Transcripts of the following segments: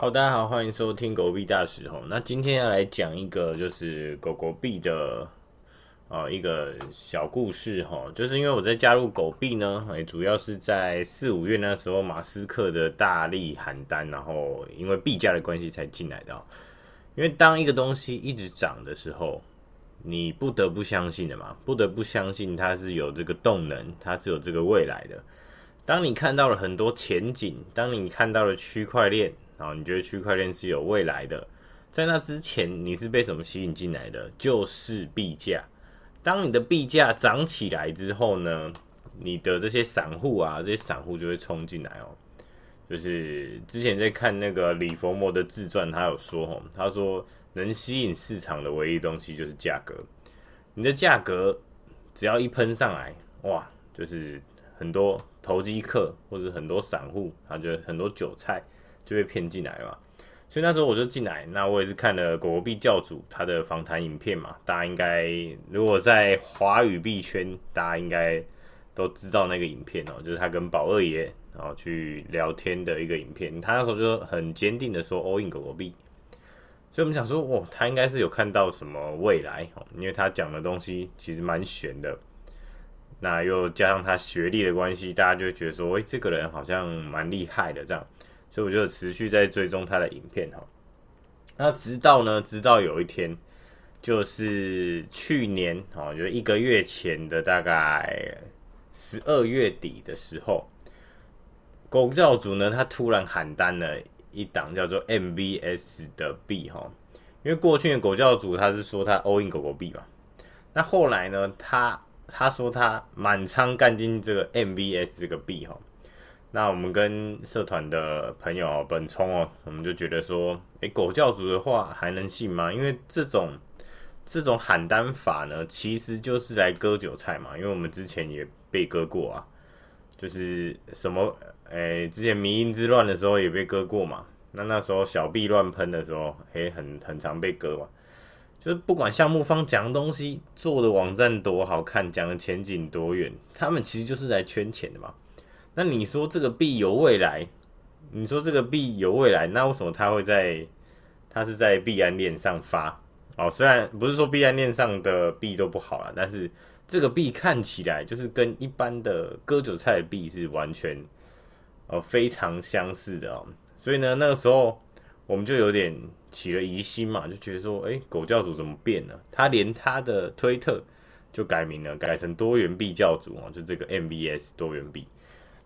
好，大家好，歡迎收聽狗幣大使吼。那今天要來講一個就是狗狗幣的哦一個小故事吼，就是因為我在加入狗幣呢，也主要是在四五月那時候，馬斯克的大力喊單，然後因為幣價的關係才進來的。因為當一個東西一直漲的時候，你不得不相信的嘛，不得不相信它是有這個動能，它是有這個未來的。當你看到了很多前景，當你看到了區塊鏈。然後你覺得區塊鏈是有未來的。在那之前，你是被什麼吸引進來的？就是幣價。當你的幣價漲起來之後呢？你的這些散戶啊，這些散戶就會衝進來哦。就是之前在看那個李佛摩的自傳，他有說哦，他說能吸引市場的唯一東西就是價格。你的價格只要一噴上來，哇，就是很多投機客或者很多散戶，他就很多韭菜，就被騙進來了嘛，所以那時候我就進來。那我也是看了狗狗幣教主他的訪談影片嘛，大家應該如果在華語幣圈，大家應該都知道那個影片哦，就是他跟寶二爺然後去聊天的一個影片。他那時候就很堅定的說 “all in 狗狗幣”，所以我們想說，哦，他應該是有看到什麼未來哦，因為他講的東西其實蠻玄的。那又加上他學歷的關係，大家就覺得說，欸，這個人好像蠻厲害的這樣。所以我就持續在追蹤他的影片哈，那直到呢，直到有一天，就是去年啊，就是、一個月前的大概十二月底的時候，狗教主呢，他突然喊單了一檔叫做 MVS 的幣哈，因為過去的狗教主他是說他 all in 狗狗幣嘛，那後來呢，他他說他滿倉幹進這個 MVS 這個幣哈。那我們跟社團的朋友、喔、本聰哦、喔，我們就覺得說，誒、欸，狗教主的話還能信嗎？因為這種這種喊單法呢，其實就是來割韭菜嘛。因為我們之前也被割過啊，就是什麼，誒、欸、之前迷因之亂的時候也被割過嘛。那那時候小臂亂噴的時候，誒、欸、很很常被割嘛。就是不管項目方講東西做的網站多好看，講的前景多遠，他們其實就是來圈錢的嘛。那你說這個幣有未來？你說這個幣有未來？那為什麼它會在，它是在幣安鏈上發？哦，雖然不是說幣安鏈上的幣都不好啦，但是這個幣看起來就是跟一般的割韭菜的幣是完全呃、哦、非常相似的哦，所以呢，那個時候我們就有點起了疑心嘛，就覺得說，哎，狗教主怎麼變了？他連他的推特就改名了，改成多元幣教主哦，就這個 MVS 多元幣。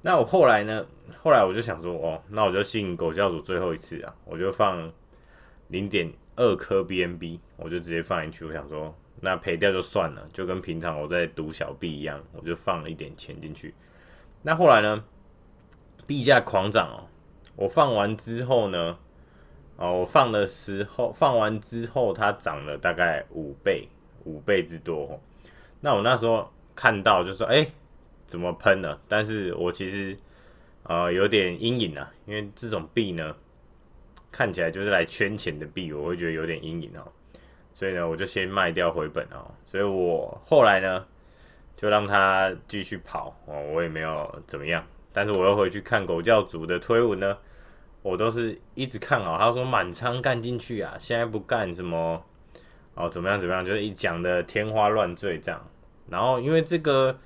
那我後來呢？後來我就想說，哦，那我就信狗教主最後一次啊，我就放零點二顆 BNB，我就直接放進去。我想說，那賠掉就算了，就跟平常我在賭小幣一樣，我就放了一點錢進去。那後來呢？幣價狂漲哦！我放完之後呢？哦，我放的時候，放完之後它漲了大概五倍，五倍之多，哦。那我那時候看到就說，是。哎、欸。怎麼噴呢？但是我其實啊、呃、有點陰影啊，因為這種幣呢，看起來就是來圈錢的幣，我會覺得有點陰影哦、喔。所以呢，我就先賣掉回本哦、喔。所以我後來呢，就讓他繼續跑哦、喔，我也沒有怎麼樣。但是我又回去看狗教主的推文呢，我都是一直看啊。他說滿倉幹進去啊，現在不幹什麼哦、喔，怎麼樣怎麼樣，就是一講的天花亂墜這樣。然後因為這個。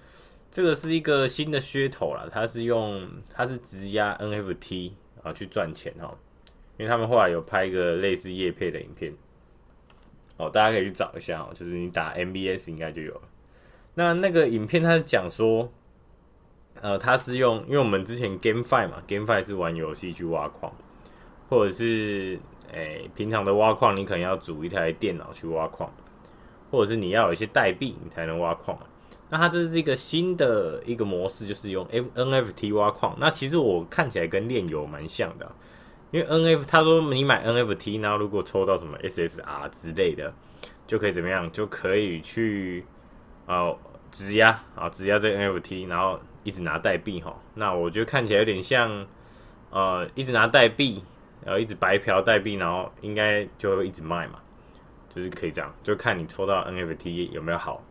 這個是一個新的噱頭啦，它是用它是直壓 NFT 啊去賺錢哦，因為他們後來有拍一個類似業配的影片，哦，大家可以去找一下哦，就是你打 MVS 應該就有了。那那個影片它是講說，呃，它是用因為我們之前 GameFi 嘛，GameFi 是玩遊戲去挖礦，或者是誒、欸、平常的挖礦你可能要組一台電腦去挖礦，或者是你要有一些代幣你才能挖礦。那它這是一個新的一個模式，就是用 NFT 挖礦。那其實我看起來跟鏈遊蠻像的，因為 NFT 他說你買 NFT，然後如果抽到什麼 SSR 之類的，就可以怎麼樣？就可以去呃質押啊質押這個 NFT，然後一直拿代幣哈。那我覺得看起來有點像呃一直拿代幣，然後一直白嫖代幣，然後應該就會一直賣嘛，就是可以這樣，就看你抽到 NFT 有沒有好。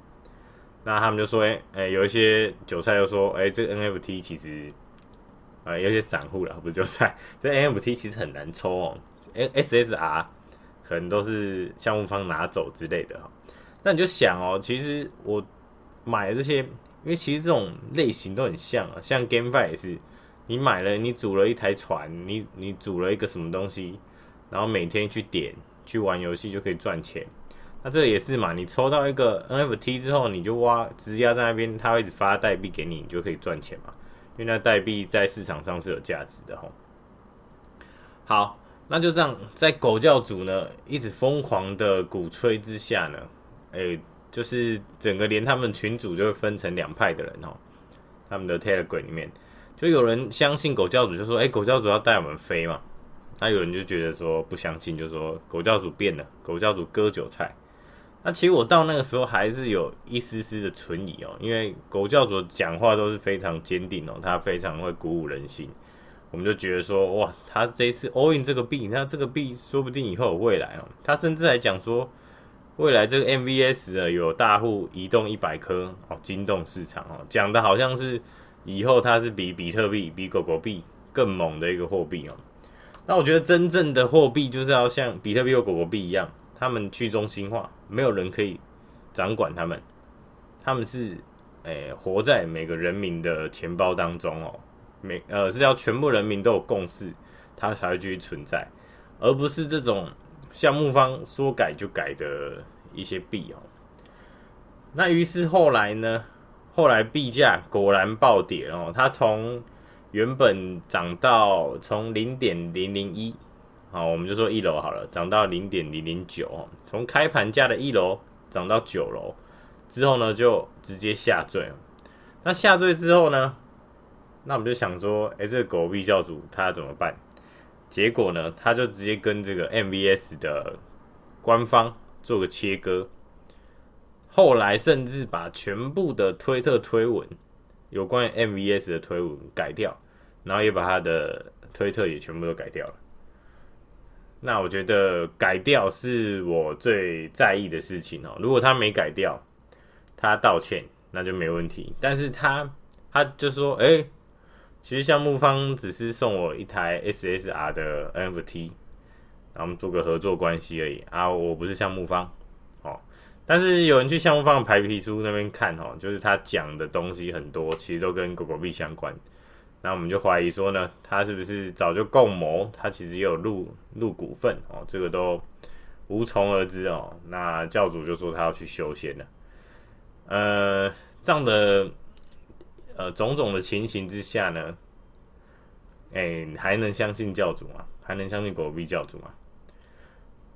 那他們就說，哎，哎，有一些韭菜又說，哎，這個 NFT 其實，呃，有些散戶了，不是韭菜，這 NFT 其實很難抽哦，SSR 可能都是項目方拿走之類的。那你就想哦，其實我買了這些，因為其實這種類型都很像啊，像 GameFi 也是，你買了，你組了一台船，你你組了一個什麼東西，然後每天去點去玩遊戲就可以賺錢。那、啊、這也是嘛，你抽到一個 NFT 之後，你就挖直接押在那邊，他會一直發代幣給你，你就可以賺錢嘛。因為那代幣在市場上是有價值的齁。好，那就這樣，在狗教主呢，一直瘋狂的鼓吹之下呢，哎、欸，就是整個連他們群主就會分成兩派的人哦。他們的 Telegram 裡面就有人相信狗教主，就說：“誒、欸，狗教主要帶我們飛嘛。”那有人就覺得說不相信，就說狗教主變了，狗教主割韭菜。那、啊、其實我到那個時候還是有一絲絲的存疑哦，因為狗教主講話都是非常堅定哦，他非常會鼓舞人心，我們就覺得說，哇，他這一次 all in 這個幣，那這個幣說不定以後有未來哦。他甚至還講說，未來這個 MVS 的有大戶移動一百顆哦，驚動市場哦，講的好像是以後它是比比特幣、比狗狗幣更猛的一個貨幣哦。那我覺得真正的貨幣就是要像比特幣和狗狗幣一樣。他們去中心化，沒有人可以掌管他們，他們是誒、欸、活在每個人民的錢包當中哦、喔，每呃是要全部人民都有共識，他才會繼續存在，而不是這種項目方說改就改的一些幣哦、喔。那於是後來呢，後來幣價果然暴跌哦、喔，它從原本漲到從零點零零一。好，我們就說一樓好了，漲到零點零零九，從開盤價的一樓漲到九樓，之後呢就直接下墜。那下墜之後呢，那我們就想說，哎、欸，這個狗幣教主他怎麼辦？結果呢，他就直接跟這個 MVS 的官方做個切割，後來甚至把全部的推特推文有關於 MVS 的推文改掉，然後也把他的推特也全部都改掉了。那我覺得改掉是我最在意的事情哦。如果他沒改掉，他道歉那就沒問題。但是他他就說，哎、欸，其實項目方只是送我一台 SSR 的 NFT，然後我們做個合作關係而已啊。我不是項目方哦。但是有人去項目方的排皮書那邊看哦，就是他講的東西很多，其實都跟狗狗幣相關。那我們就懷疑說呢，他是不是早就共謀？他其實也有入入股份哦，這個都無從而知哦。那教主就說他要去修仙了，呃，這樣的呃種種的情形之下呢，哎、欸，還能相信教主嗎？還能相信狗幣教主嗎？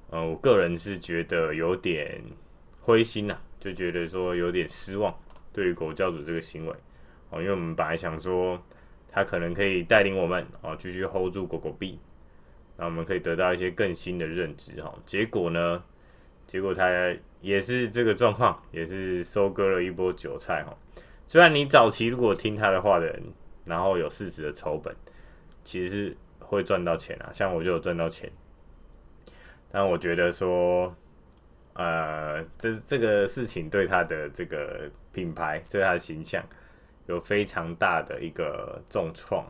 呃，我個人是覺得有點灰心吶、啊，就覺得說有點失望，對於狗教主這個行為哦，因為我們本來想說，他可能可以帶領我們啊，繼續 hold 住狗狗幣，那我們可以得到一些更新的認知哈。結果呢，結果他也是這個狀況，也是收割了一波韭菜哈。雖然你早期如果聽他的話的人，然後有適時的籌本，其實是會賺到錢啊，像我就有賺到錢。但我覺得說，呃，這這個事情對他的這個品牌，對、就是、他的形象。有非常大的一個重創。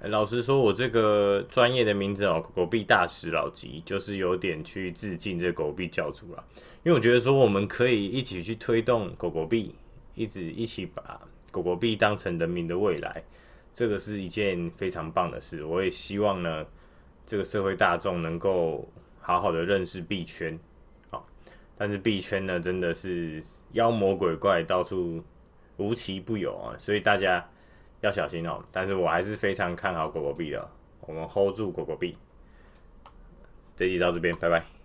嗯，老實說，我這個專業的名字哦，狗狗幣大使老吉，就是有點去致敬這狗狗幣教主了，因為我覺得說，我們可以一起去推動狗狗幣，一直一起把狗狗幣當成人民的未來，這個是一件非常棒的事。我也希望呢，這個社會大眾能夠好好的認識幣圈。哦，但是幣圈呢，真的是妖魔鬼怪，到處。無奇不有啊，所以大家要小心哦。但是我還是非常看好狗狗幣的，我們 hold 住狗狗幣。這期到這邊，拜拜。